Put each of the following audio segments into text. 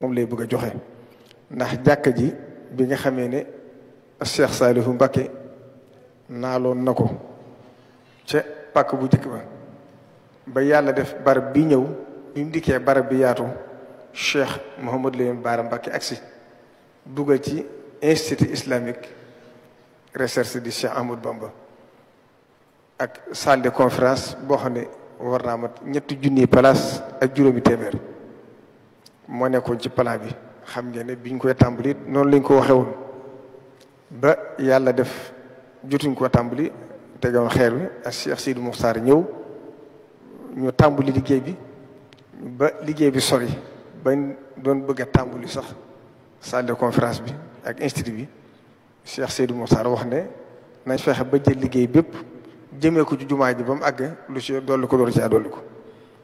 moom lay bëgg a joxe ndax jàkka ji bi nga xamee ne Cheikh Saliou Mbacké naaloon na ko ca pàkk bu njëkk ba ba yàlla def barab bi ñëw bi mu dikkee barab bi yaatu Cheikh Mouhamadou Lamine Bara Mbacké agsi dugal ci institut islamique recherche di Cheikh Ahmadou Bamba ak salle de conférence boo xam ne war naa mat ñetti junniy place ak juróomi téeméer moo nekkoon ci plan bi xam ngeen ne biñ koy tàmbali noonu lañ ko waxee ba yàlla def jotuñ koo tàmbali tegoon xeer wi ak Cheikh Sidou Mokhtar ñëw ñu tàmbali liggéey bi ba liggéey bi sori ba doon bëgg a tàmbali sax salle de conférence bi ak institut bi Cheikh Sidou Mokhtar wax ne nañ fexe ba jël liggéey bépp jëmee ko ci jumaa ji ba mu àgg lu ci dolli ko door ci dolli ko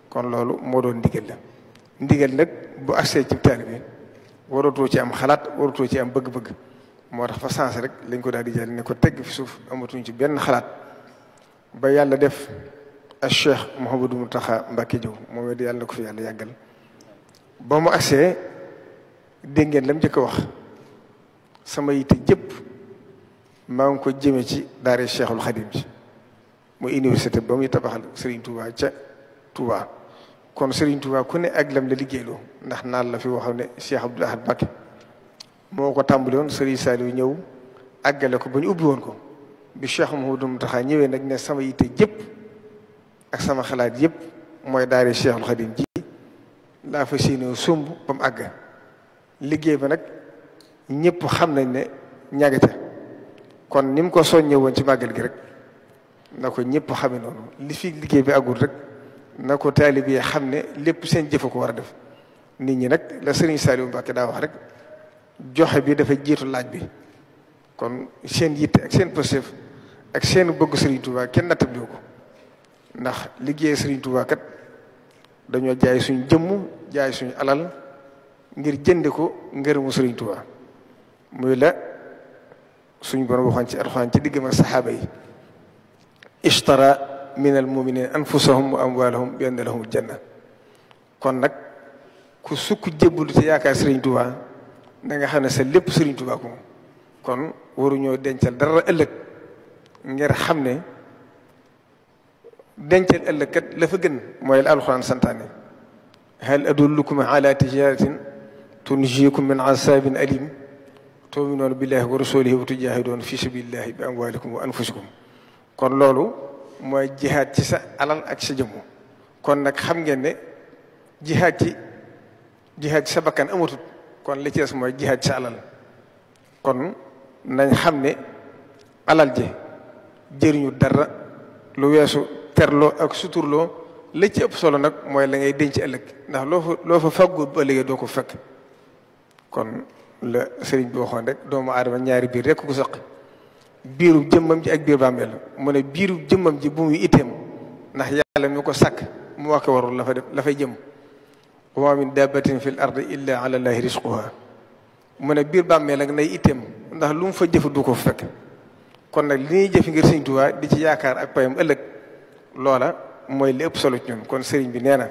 kon loolu moo doon ndigal la ndigal nag bu agsee ci taalibe waratoo ci am xalaat waratoo ci am bëgg-bëgg moo tax fa sens rek lañ ko daal di jël ne ko tegg fi suuf amatuñ ci benn xalaat ba yàlla def ak Cheikh Mouhamadou Mountakha Mbacké Diop moom it yàlla na ko fi yàlla yàggal ba mu agsee dégg ngeen lam njëkk a wax sama yitte jëpp maa ngi ko jëmee ci daare Cheikhul Khadim ci mu université ba muy tabaxal Serigne Touba ca Touba. kon Serigne Touba ku ne ak lam la liggéeyloo ndax naan la fi waxoon ne Cheikh Abdoul Ahad Mbacké moo ko tàmbali woon Serigne Saliou ñëw àggale ko ba ñu ubbi woon ko bi Cheikh Mouhamadou Mountakha ñëwee nag ne sama yitte yëpp ak sama xalaat yëpp mooy daare Cheikhul Khadim ji laa fa séenoo sumb ba mu àgg liggéey ba nag ñëpp xam nañ ne ñagate kon ni mu ko soññee woon ci màggal gi rek na ko ñëpp xame noonu li fi liggéey bi àggul rek. na ko taalib yi xam ne lépp seen jëfe ko war a def nit ñi nag la sëriñ Saliou Mbacké daa wax rek joxe bi dafa jiitu laaj bi kon seen yitte ak seen pësef ak seen bëgg sëriñ Touba kenn nattab ko ndax liggéey sëriñ Touba kat dañoo jaay suñ jëmm jaay suñu alal ngir jënd ko ngërëmu sëriñ Touba muy la suñ borom waxoon ci alxuraan ci digg saxaaba yi ishtara من المؤمنين أنفسهم وأموالهم بأن لهم الجنة كونك كسوك جبل تياك سرين توبا نغا خانا سلب سرين توبا كون كون ورونيو دنتال دار ألك نغير خمني دنتال ألك لفقن مويل القرآن سنتاني هل أدلكم على تجارة تنجيكم من عذاب أليم تؤمنون بالله ورسوله وتجاهدون في سبيل الله بأموالكم وأنفسكم كون لولو mooy jixaat ci sa alal ak sa jëmm kon nag xam ngeen ne jihaad ci jihaad ci sa bakkan amatut kon li ci mooy jihaad ci sa alal kon nañ xam ne alal ji jëriñu dara lu weesu terloo ak suturloo la ci ëpp solo nag mooy la ngay denc ëllëg ndax loo fa loo fa faggu ba léegi doo ko fekk kon la sëriñ bi waxoon rek doomu aadama ñaari biir rek ko saq biru jemam je ak biir bamel mune biru jemam je ji item muy ndax yàlla mi ko mu wax ko la fa def la fay jëm wa min dabatin fil ard illa ala allah risquha mune bir bamel ak nay item ndax lu mu fa def du ko fek kon nak li ñi jëf ngir seigne touba di ci yaakaar ak payam ëllëg lola moy li ëpp solo ñun kon seigne bi neena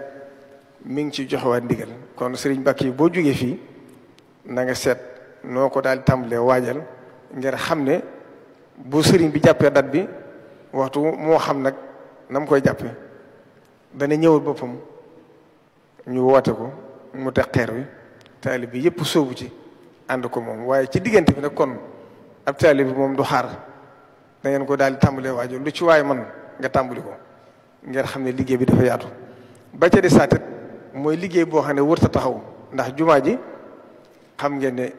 mi ngi ci wa ndigal kon seigne bakki bo boo fi na nga set noko dal tambalé tàmbalee ngir xamné bu sëriñ bi jàppee dat bi waxtu moo xam nag na koy jàppe dana ñëwal boppam ñu woote ko mu teg xeer wi taalib bi yëpp sóobu ci ànd ko moom waaye ci diggante bi nag kon ab taalib bi moom du xaar dangeen ngeen ko daal di tàmbalee waajo lu ci waay man nga tàmbali ko ngeen xam ne liggéey bi dafa yaatu ba ca di mooy liggéey boo xam ne wërta taxaw ndax jumaa ji xam ngeen ne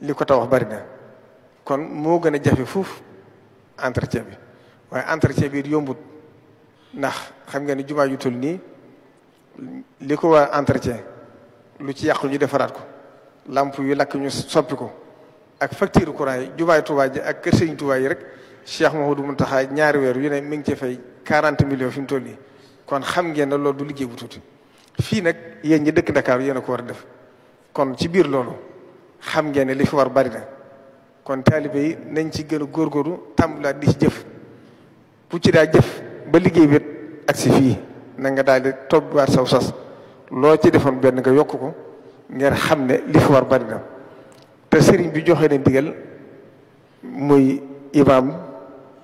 li ko tax bari na kon moo gën a jafe fuuf entretien bi waaye entretien bi yombut ndax xam nga ni jumaa ju toll nii li ko waa entretien lu ci yàqu ñu defaraat ko lamp yu lakk ñu soppi ko ak facture courant yi jumaay Tuubaa ji ak kër Sëriñ yi rek Cheikh mun Mountakha ñaari weer yu ne mi ngi ci fay 40 millions fi mu toll nii kon xam ngeen ne loolu du liggéey bu tuuti fii nag yéen ñi dëkk Dakar yéen a ko war a def kon ci biir loolu xam ngeen ne li fi war bari na kon taalibe yi nañ ci gën a tàmm tàmbulaat di jëf bu ci daa jëf ba liggéey bi ak si fii na nga daal di tobbaat saw sas loo ci defoon benn nga yokk ko ngeen xam ne li fi war bari na te sëriñ bi joxe na ndigal muy imaam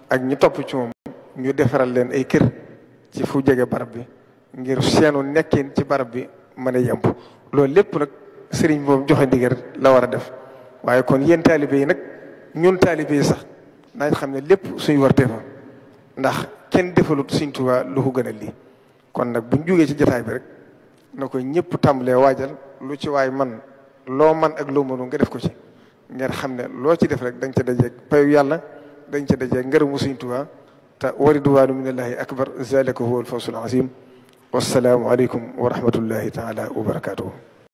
ak ñu topp ci moom ñu defaral leen ay kër ci fu jege barab bi ngir seenu nekkin ci barab bi mën a yemb loolu lépp nag sëriñ bi moom joxe ndigal la war a def waaye kon yéen taalibe yi nag ñun talibé sax nañ xamné lépp suñu wartee fa ndax kenn defalut seigne touba lu ko gënal li kon nak buñ jógee ci jotaay bi rek na ñëpp tàmbalee waajal lu ci way man lo man ak lo mënu nga def ko ci ngeen xamné lo ci def rek dañ ci dajé payu yàlla dañ ci ca dajeeg seigne touba ta waridu wa ridwaanu minallaahi akbar zalika huwa al-fawzul azim والسلام عليكم ورحمه الله تعالى وبركاته